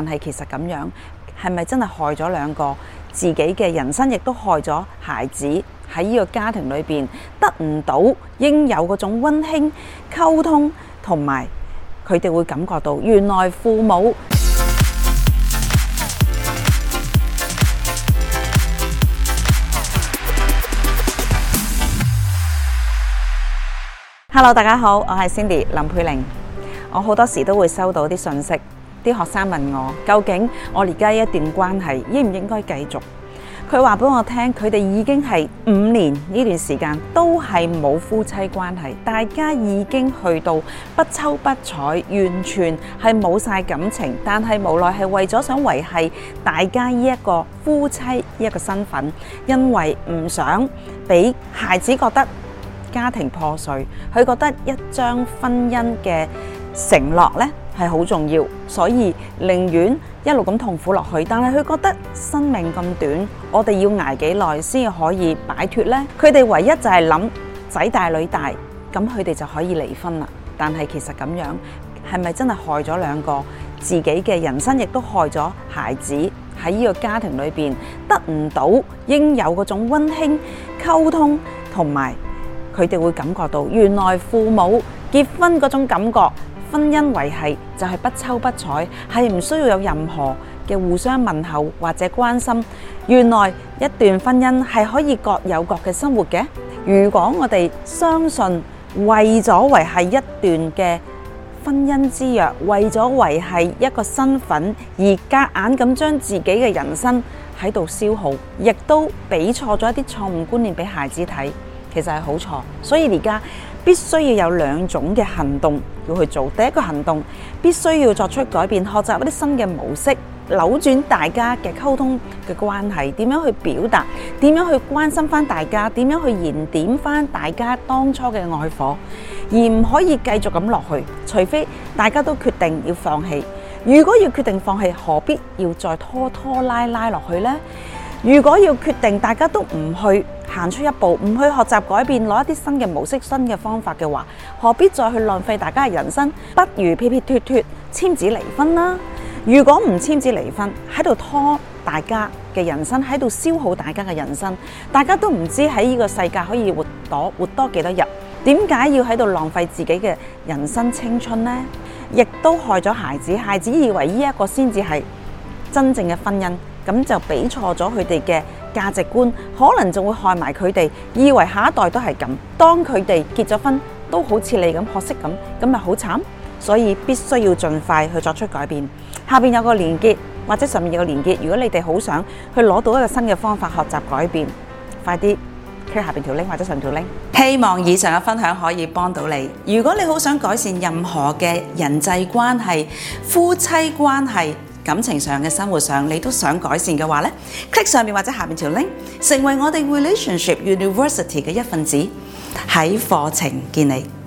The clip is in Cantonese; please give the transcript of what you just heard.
但係其實咁樣係咪真係害咗兩個自己嘅人生，亦都害咗孩子喺呢個家庭裏邊得唔到應有嗰種溫馨溝通，同埋佢哋會感覺到原來父母。Hello，大家好，我係 Cindy 林佩玲，我好多時都會收到啲信息。啲學生問我：究竟我而家一段關係應唔應該繼續？佢話俾我聽，佢哋已經係五年呢段時間都係冇夫妻關係，大家已經去到不抽不睬，完全係冇晒感情。但係無奈係為咗想維繫大家呢一個夫妻一個身份，因為唔想俾孩子覺得家庭破碎，佢覺得一張婚姻嘅承諾呢，係好重要，所以寧願一路咁痛苦落去，但係佢覺得生命咁短，我哋要挨幾耐先可以擺脫呢？佢哋唯一就係諗仔大女大，咁佢哋就可以離婚啦。但係其實咁樣係咪真係害咗兩個自己嘅人生，亦都害咗孩子喺呢個家庭裏邊得唔到應有嗰種溫馨溝通，同埋佢哋會感覺到原來父母結婚嗰種感覺。婚姻維繫就係不瞅不睬，係唔需要有任何嘅互相問候或者關心。原來一段婚姻係可以各有各嘅生活嘅。如果我哋相信為咗維繫一段嘅婚姻之約，為咗維繫一個身份而夾硬咁將自己嘅人生喺度消耗，亦都俾錯咗一啲錯誤觀念俾孩子睇，其實係好錯。所以而家。必須要有兩種嘅行動，要去做。第一個行動必須要作出改變，學習一啲新嘅模式，扭轉大家嘅溝通嘅關係，點樣去表達，點樣去關心返大家，點樣去燃點返大家當初嘅愛火。而唔可以繼續咁落去，除非大家都決定要放棄。如果要決定放棄，何必要再拖拖拉拉落去呢？如果要決定大家都唔去行出一步，唔去學習改變，攞一啲新嘅模式、新嘅方法嘅話，何必再去浪費大家嘅人生？不如撇撇脫脫，簽字離婚啦！如果唔簽字離婚，喺度拖大家嘅人生，喺度消耗大家嘅人生，大家都唔知喺呢個世界可以活多活多幾多日？點解要喺度浪費自己嘅人生青春呢？亦都害咗孩子，孩子以為呢一個先至係真正嘅婚姻，咁就俾錯咗佢哋嘅。價值觀可能就會害埋佢哋，以為下一代都係咁，當佢哋結咗婚都好似你咁學識咁，咁咪好慘。所以必須要盡快去作出改變。下邊有個連結或者上面有個連結，如果你哋好想去攞到一個新嘅方法學習改變，快啲 click 下邊條 link 或者上條 link。希望以上嘅分享可以幫到你。如果你好想改善任何嘅人際關係、夫妻關係，感情上嘅生活上，你都想改善嘅話咧，click 上面或者下面條 link，成為我哋 Relationship University 嘅一份子，喺課程見你。